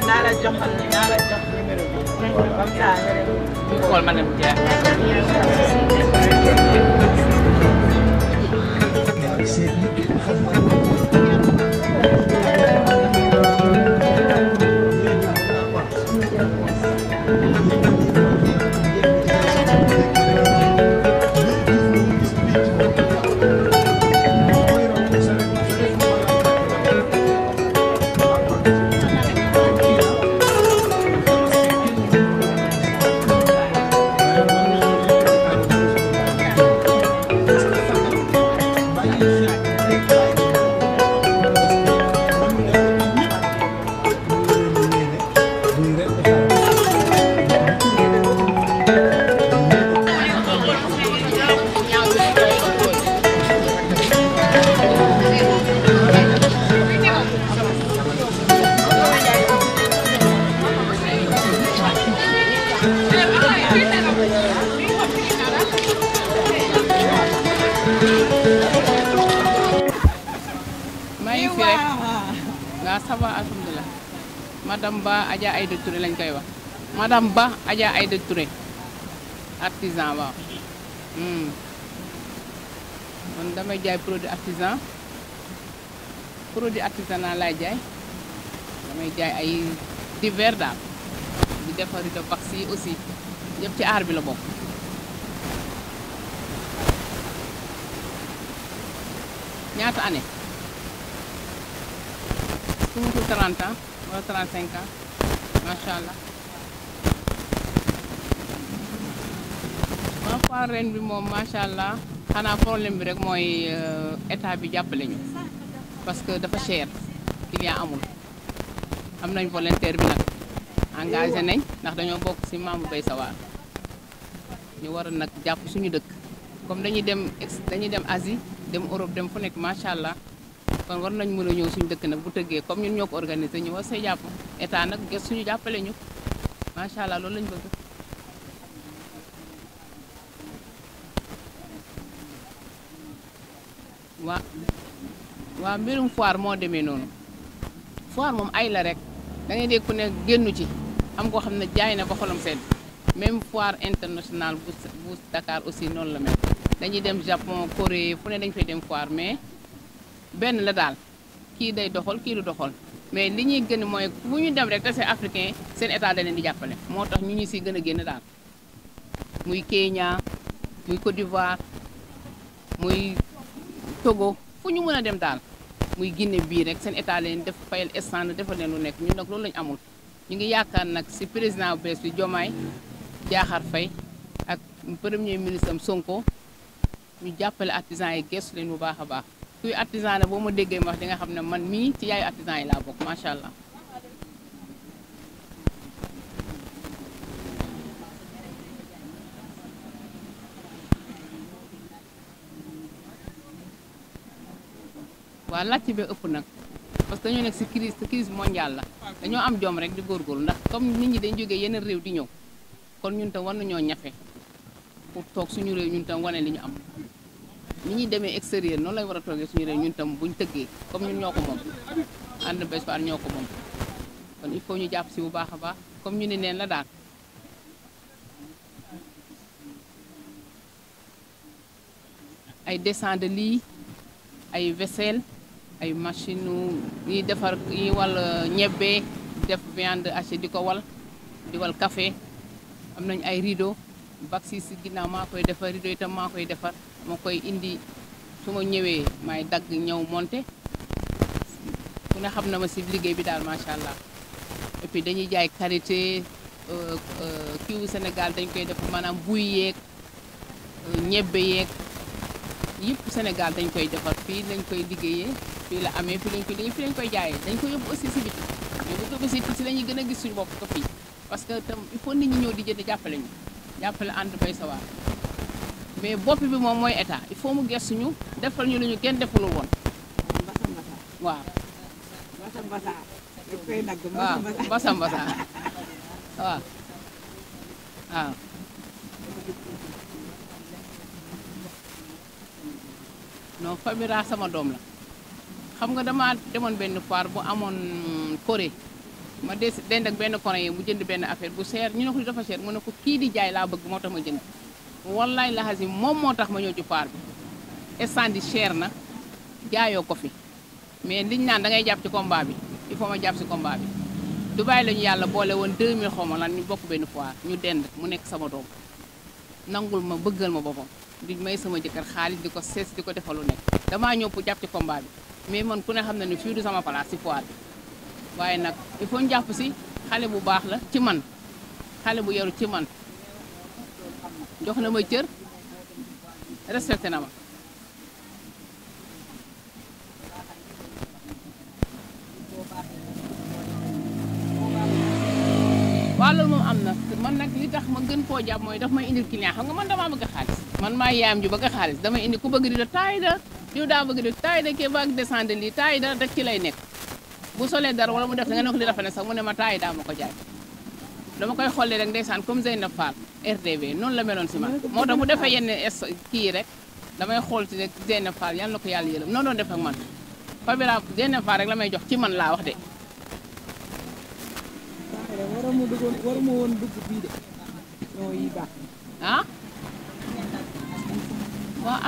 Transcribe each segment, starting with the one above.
નારા જખલ નારા જખલ કોલ મને ત્યાં ngi fi rek waaw ça alhamdulilah madame Ba Adja Aïda Touré lañ koy wax madam Ba Adja ay Touré artisan waaw hmm. man damay jaay produit artisan produit artisanal laay jaay damay jaay ay divers daal di defar de pax aussi yëpp ci aar bi la bokk ñaata année fu mu 30 ans wala 35 ans macha allah waaw foire ren bi moom macha allah problème bi rek mooy état eh, bi jàppale ñu parce que dafa cher client amul am nañ volontaire bi nag engagé nañ ndax dañoo bokk ci membre Bay Sa War ñu war a nag suñu dëkk comme dañuy dem dañuy dem Asie dem Europe dem fu nekk macha allah. kon war nañ mën a ñëw suñu dëkk nag bu tëggee comme ñun ñoo ko organisé ñu war see jàpp état nag gës suñu jàppale ñu macha allah loolu lañ bëgg. waa waa mbirum foire moo demee noonu foire moom ay la rek da ngay ku nekk génnu ci am koo xam ne jaay na ba xolam sedd même foire internationale bu bu aussi noonu la mel dañuy dem Japon Corée fu ne dañ fay dem foire mais. benn la daal kii day doxal kii du doxal mais li ñuy gën mooy bu ñu dem rek tase africain seen état da leen di jàppale moo tax ñu ñu si gën a génn daal muy Kenya muy Côte d'Ivoire muy Togo fu ñu mën a dem daal muy Guinée bii rek seen état leen def fayal stand defal leen lu nekk ñun nag loolu lañu amul ñu ngi yaakaar nag si président bu bees bi Diomaye Diakhar Faye ak premier ministre am Sonko ñu jàppale artisan yi gestu leen bu baax a baax kuy artisan la boo ma déggee ma di nga xam ne man mii ci yaayu artisan yi laa bokk macha allah. waa laajte bi ëpp nag parce que dañoo nekk si crise si crise mondiale la dañoo am jom rek di góorgóorlu ndax comme nit ñi dañ jógee yeneen réew di ñëw kon ñun tam war nañoo ñafe pour toog suñu réew ñun tam wane li ñu am. ni ñuy demee extérieur noonu lay war a toogee suñu réew ñun tam buñ tëggee comme ñun ñoo ko moom ànd bés ba ñoo ko moom kon il faut ñu jàpp si bu baax a baax comme ñu ni neen la daal. ay desande de lii ay vaisselle ay machine yi defar yi wal euh, ñebbe def viande haché di ko wal di wal café am nañ ay rideau bak si ginnaaw maa koy defar rideau tam maa koy defar ma koy indi su ma ñëwee may dagg ñëw monter ku ne xam na ma si liggéey bi daal macha allah et dañuy jaay karité euh, euh, kii wu Sénégal dañ koy def maanaam buy yéeg euh, ñebbe yeeg yëpp Sénégal dañ koy defar fii lañ koy liggéeyee fii la amee fii lañ koy liggéey fii lañ koy jaayee dañ koy yóbbu aussi si biti mais bu si si la ñuy gën a gis suñu bopp ko fii parce que tam il faut nit ñi ñëw di jënd jàppale ñu jàppale ànd bay sa waar mais bopp bi moom mooy état il faut mu gëstu defal ñu lu ñu kenn defulu woon. waaw. waaw mbasa mbasa waaw waaw. non Famira sama doom la xam nga dama demoon benn foire bu amoon Corée ma des dend ak benn Coréen mu jënd benn affaire bu seer ñu ne ko dafa seer mu ne ko kii di jaay laa bëgg moo tax ma jënd. wallaay laxasi moom moo tax ma ñëw ci paar bi stand yi cher na jaayoo ko fi mais liñ naan dangay jàpp ci combat bi il faut ma jàpp si combat bi Dubaay la ñu yàlla boole woon 2000 xaw ma lan ñu bokk benn foire ñu dend mu nekk sama doom nangul ma bëggal ma boppam di may sama jëkkër xaalis di ko sees di ko defalu nekk damaa ñëw pour jàpp ci combat bi mais man ku ne xam na ne fii du sama place si foire bi waaye nag il faut ñu jàpp si xale bu baax la ci man xale bu yaru ci man jox na ma cër respecté na ma waaw loolu moom am na man nag li tax ma gën koo jàpp mooy daf may indil client xam nga man damaa bëgg xaalis man maa yaam ju bëgg xaalis dama indi ku bëgg di la taay da diw daa bëgg di taay da kii baag descendre lii taay da rek ci lay nekk bu solee dara wala mu def da nga ne ko li rafet na sax mu ne ma taay daa ma ko jaay dama koy xollee rek ndeysaan comme na Fall RTV noonu la meloon si man moo tax bu defee yenn es kii rek damay xool ci rek Zeynab Fall yàlla na ko yàlla yërëm noonu doon def man Fabira Zeynab rek la may jox ci man laa wax de. waruma duggoon ah?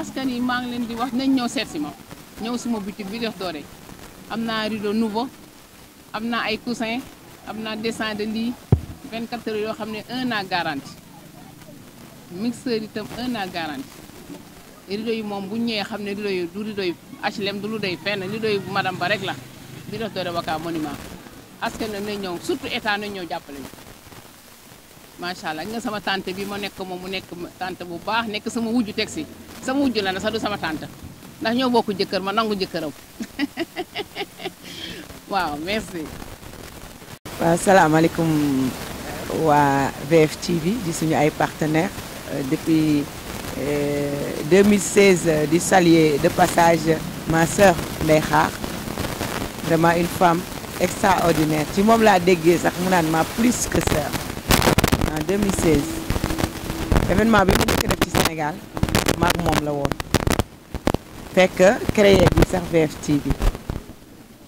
askan yi maa ngi leen di wax nañ ñëw seet si ma ñëw suma boutique bi def doore am naa rideau nouveau am naa ay coussin am naa dessin de lit 24 heures yoo xam ne un an garanti mixeur itam un an garantie rido yi mom bu ñëwé xamné rido yi du rido yi HLM du lu doy fenn li doy madame ba rek la di def waka monument askan na nañ ñëw surtout état na ñëw jappalé ma sha allah nga sama tante bi mo nek moom mu nek tante bu baax nek sama wujju taxi sama wujju la na sa du sama tante ndax ñoo bokku jëkkër ma nangu jëkkëram waaw merci salam salaamaaleykum wa VFtv di suñu ay partenaire Euh, depuis 2016 euh, euh, du Salier de passage ma sœur vraiment une femme extraordinaire Tu suis la déggee ma plus que ça en 2016 événement du Sénégal je suis la fait fekk créé bi sax VFtv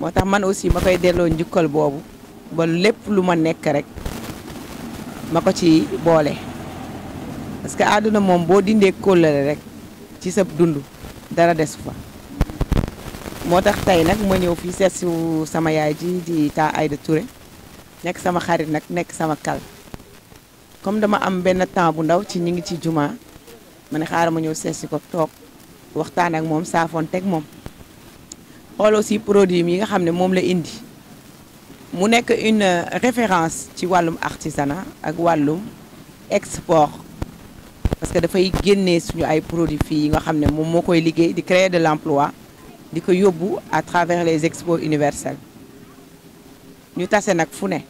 suis man aussi ma suis ba rek ma ci parce que àdduna moom boo dindee kóllëre rek ci sa dund dara desu fa moo tax tey nag ma ñëw fii seet si sama yaay ji di taa Aïda Touré nekk sama xarit nag nekk sama kal comme dama am benn temps bu ndaw ci ñu ngi ci jumaa ma ne xaaral ma ñëw seet si ko toog waxtaan ak moom saafoon teg moom xool aussi produit yi nga xam ne moom la indi mu nekk une référence ci wàllum artisanat ak wàllum export parce que dafay génnee suñu ay produits fi yi nga xamné mom moom koy liggéey di créer de l'emploi diko yobbu à travers les expos universels ñu tassé nak fune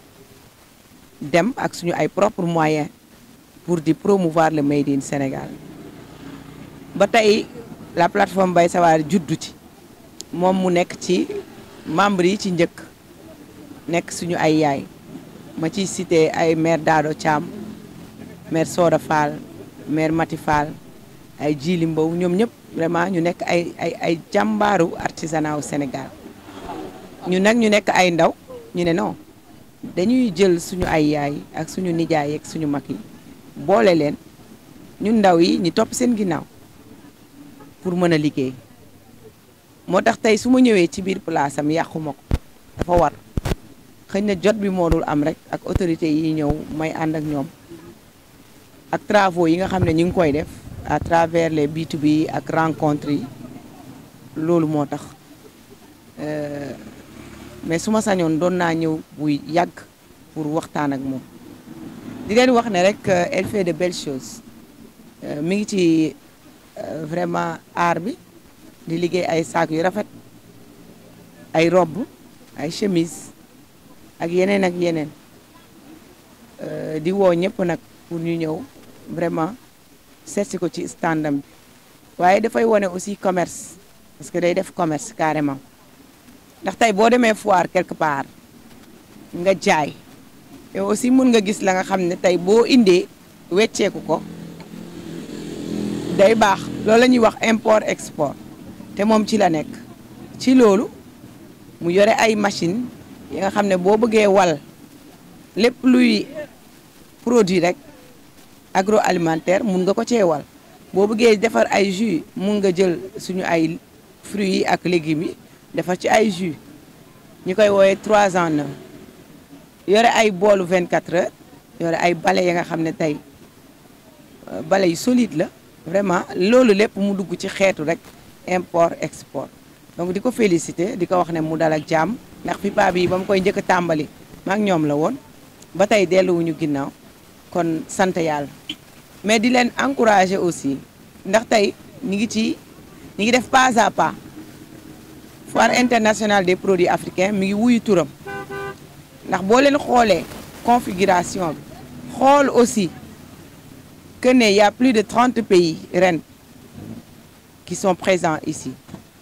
dem ak suñu ay propres moyens pour di promouvoir le made in Sénégal ba tay la plateforme Bay Sawar juddu ci mom mu nekk ci membres yi ci ñëk nekk suñu ay yaay ma ci cité ay maire Dado cham maire Soda Fall maire Mati Fall ay Djili Mbow ñoom ñëpp vraiment ñu nekk ay ay ay jàmbaaru artisanat au Sénégal ñu nag ñu nekk ay ndaw ñu ne non dañuy jël suñu ay yaay ak suñu nijaay ak suñu mag yi boole leen ñun ndaw yi ñi topp seen ginnaaw pour mën a liggéey moo tax tey su ma ñëwee ci biir place yàquma ko dafa war xëy na jot bi moo am rek ak autorité yi ñëw may ànd ak ñoom ak travaux yi nga xam ne ñu ngi koy def à travers les b 2 ak rencontres yi loolu moo tax euh, mais su ma sañoon doon naa ñëw buy yàgg pour waxtaan ak moom di leen wax ne rek euh, elle de belles choses euh, mi ngi ci vraiment aar bi di liggéey ay saak yu rafet ay robb ay chemise ak yeneen ak yeneen di woo ñëpp nag pour ñu ñëw vraiment c'est ce ko ci standam bi waaye dafay wone aussi commerce parce que day def commerce carrément ndax tey boo demee foire quelque part nga jaay et aussi nga gis la nga ne ko day import export te moom ci la nekk ci loolu mu machine nga wal lépp luy produit agroalimentaire mun nga ko wal. boo bëggee defar ay jus mun nga jël suñu ay fruits ak légumes yi defar ci ay jus ñu koy wooyee 3 ans yoré ay boolu 24 heures yoré ay bale ya nga xamné tay tey euh, solide la vraiment lolu lepp mu dugg ci xéetu rek import export donc diko féliciter diko wax né mu dal ak jam ndax FIPA bi koy njëkk tambali tàmbali maak la won. ba tey delluwuñu ginnaaw kon sante mais di len encourager aussi ndax tay n'y ngi ci ñu ngi def pas à pas foire internationale des produits africains mi ngi wuyu turam ndax le rôle xolé configuration rôle aussi que ne y a plus de 30 pays rennes qui sont présents ici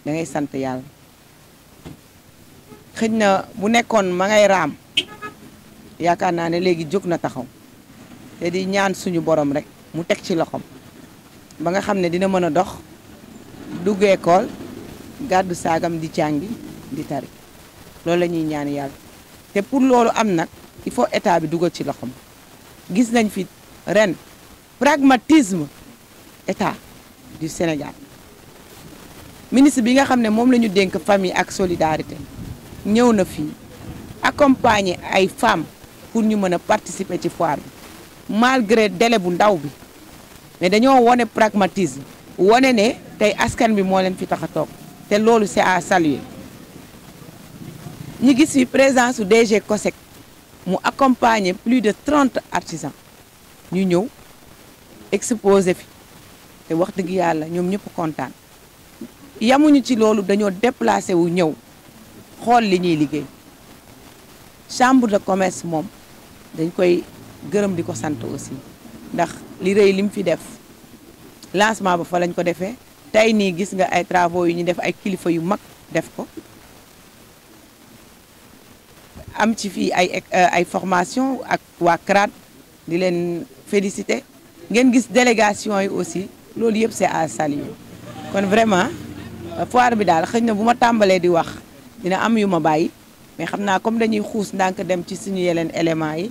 da ngay sante ne xëj bu nekkoon ma ngay ram yaakaar naa ne léegi jóg taxaw te di ñaan suñu borom rek mu tek ci loxom ba nga dina mëna dox duggé école gaddu saagam di jàngi di tari loolu la ñuy ñaan yalla te pour loolu am nak il faut état bi duggal ci loxom gis nañ fi ren pragmatisme état du Sénégal ministre bi nga xam mom lañu denk famille ak solidarité ñëw na fi accompagner ay femmes pour ñu mëna participer ci foire malgré délai bu ndaw bi mais dañoo wone pragmatisme wone ne tey askan bi moo leen fi tax a toog te loolu c'est à saluer ñu gis fi présence su DG COSEC mu accompagner plus de trente artisans ñu ñëw exposé fi te wax dëgg yàlla ñoom ñëpp kontaan yamuñu ci loolu dañoo déplacé wu ñëw xool li ñuy liggéey chambre de commerce moom dañ koy gërëm di ko sant aussi ndax li rëy lim fi def lancement ba fa lañ ko defee tey nii gis nga ay travaux yu ñu def ay kilifa yu mag def ko am ci fii ay euh, ay formation ak waa di leen féliciter ngeen gis délégation yi aussi loolu yëpp c'est à saluer kon vraiment foire bi daal xëñ na bu ma tàmbalee di wax dina am yu ma bàyyi mais xam naa comme dañuy xuus ndànk dem ci suñu yeneen éléments yi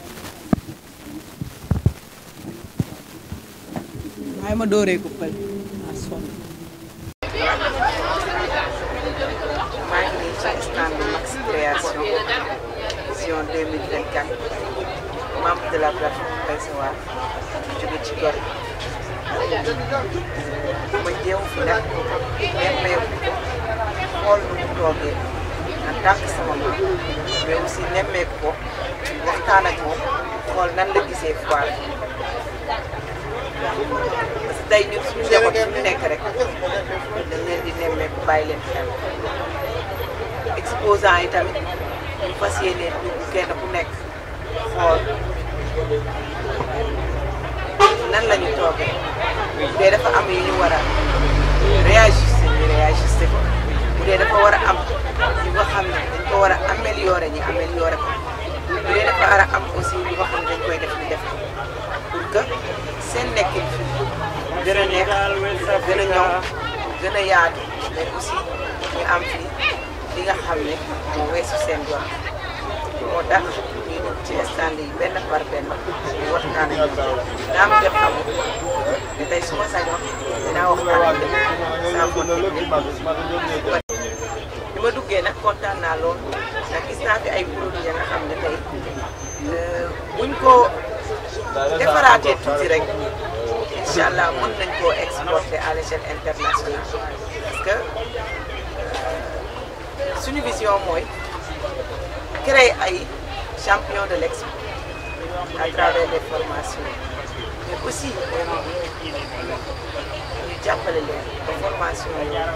ay ma dooree ko pël a sonn maa ngi ci stand Max Création vision 2024 membre de la plateforme Paysawaar jóge ci gor ma jéem fi nag nemmeeku ko xool nu mu toogee en sama maam mais aussi nemmeeku ko waxtaan ak xool nan la gisee foire tey ñun suñu njaboot yi ñu rek dañ di nemmeeku bàyyi leen xel exposant yi tamit ñu fas yéene kenn ku nekk xool nan la ñu toogee dee dafa am yu ñu war réagissé ñu réagissé ko bu dee dafa war a am yu nga xam ne dañ ko war a amélioré seen lekk gën a neex gën a ñoŋ gën ñu am fi nga xam ne moo weesu seen doon moo tax ñuy dugg ci stand yi benn par benn ñu waxtaan ak ñoom daa am tey suma ma sañoon dinaa waxtaan ak ma duggee nag kontaan naa lool ndax gis naa fi ay produits ya nga xam ne tey euh, buñ ko. defaraatee tout direct. Inch'Allah, allah inchallah on exporter à l'échelle internationale parce que une vision moi, créer un champion de l'export à travers les formations mais aussi nous avons une formation yi am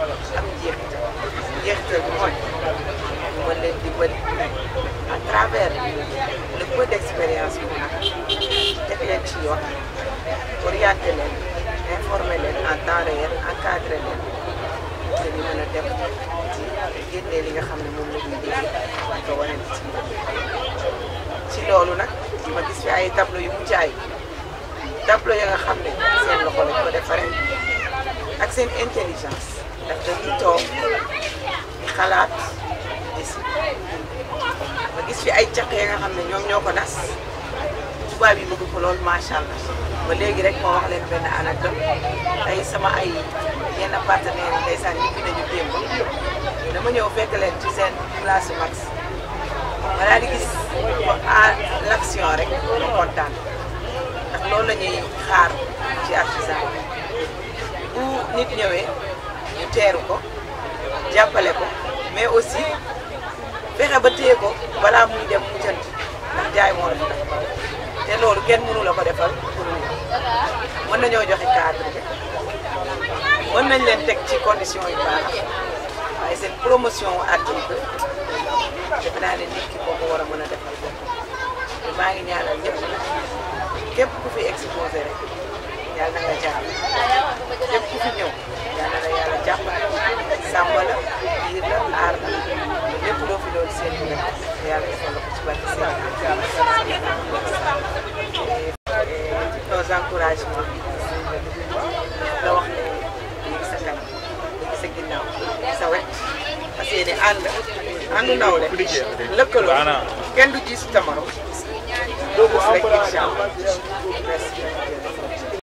à travers le peu d'expérience yor orienté leen informé leen en temps réel encadré leen ci li nga xam ne moom la loolu nag ma gis fi ay tableau yu mucc ayib tableau ya nga xam ne seen loxo lañ ko defaree ak seen intelligence ndax dañuy toog xalaat ma gis fi ay caq ya nga xam ne ñoom ñoo ko nas. tubaab yi bëgg ko lool macha allah ba léegi rek moo wax leen benn anecdote ay sama ay yenn partenaires yi ndeysaan ñibbi nañu démb dama ñëw fekk leen ci seen place max ma daal di gis ko en l'action rek ma kontaan ndax loolu la xaar ci artisan bu nit ñëwee ñu teeru ko jàppale ko mais aussi fexe ba téye ko balaa muy dem mu jënd ndax jaay moo la te loolu kenn mënu la ko defal pour ñun mën joxe cadre bi mën nañ leen teg ci condition yu baax waaye seen promotion wu article naa ne nit ki kooku war a mën a defal bopp te maa ngi ñaanal ñëpp képp ku fi exposé rek yàlla na nga jàpp képp ku fi ñëw yàlla na yàlla jàppale sàmm la yiir la aar la lépp loo fi doon séntu rek yàlla defal la ko ci barke sa kanam ñu sa wet parce que yéene ànd àndu ndaw le kenn du gis sa morom doo gis rek incha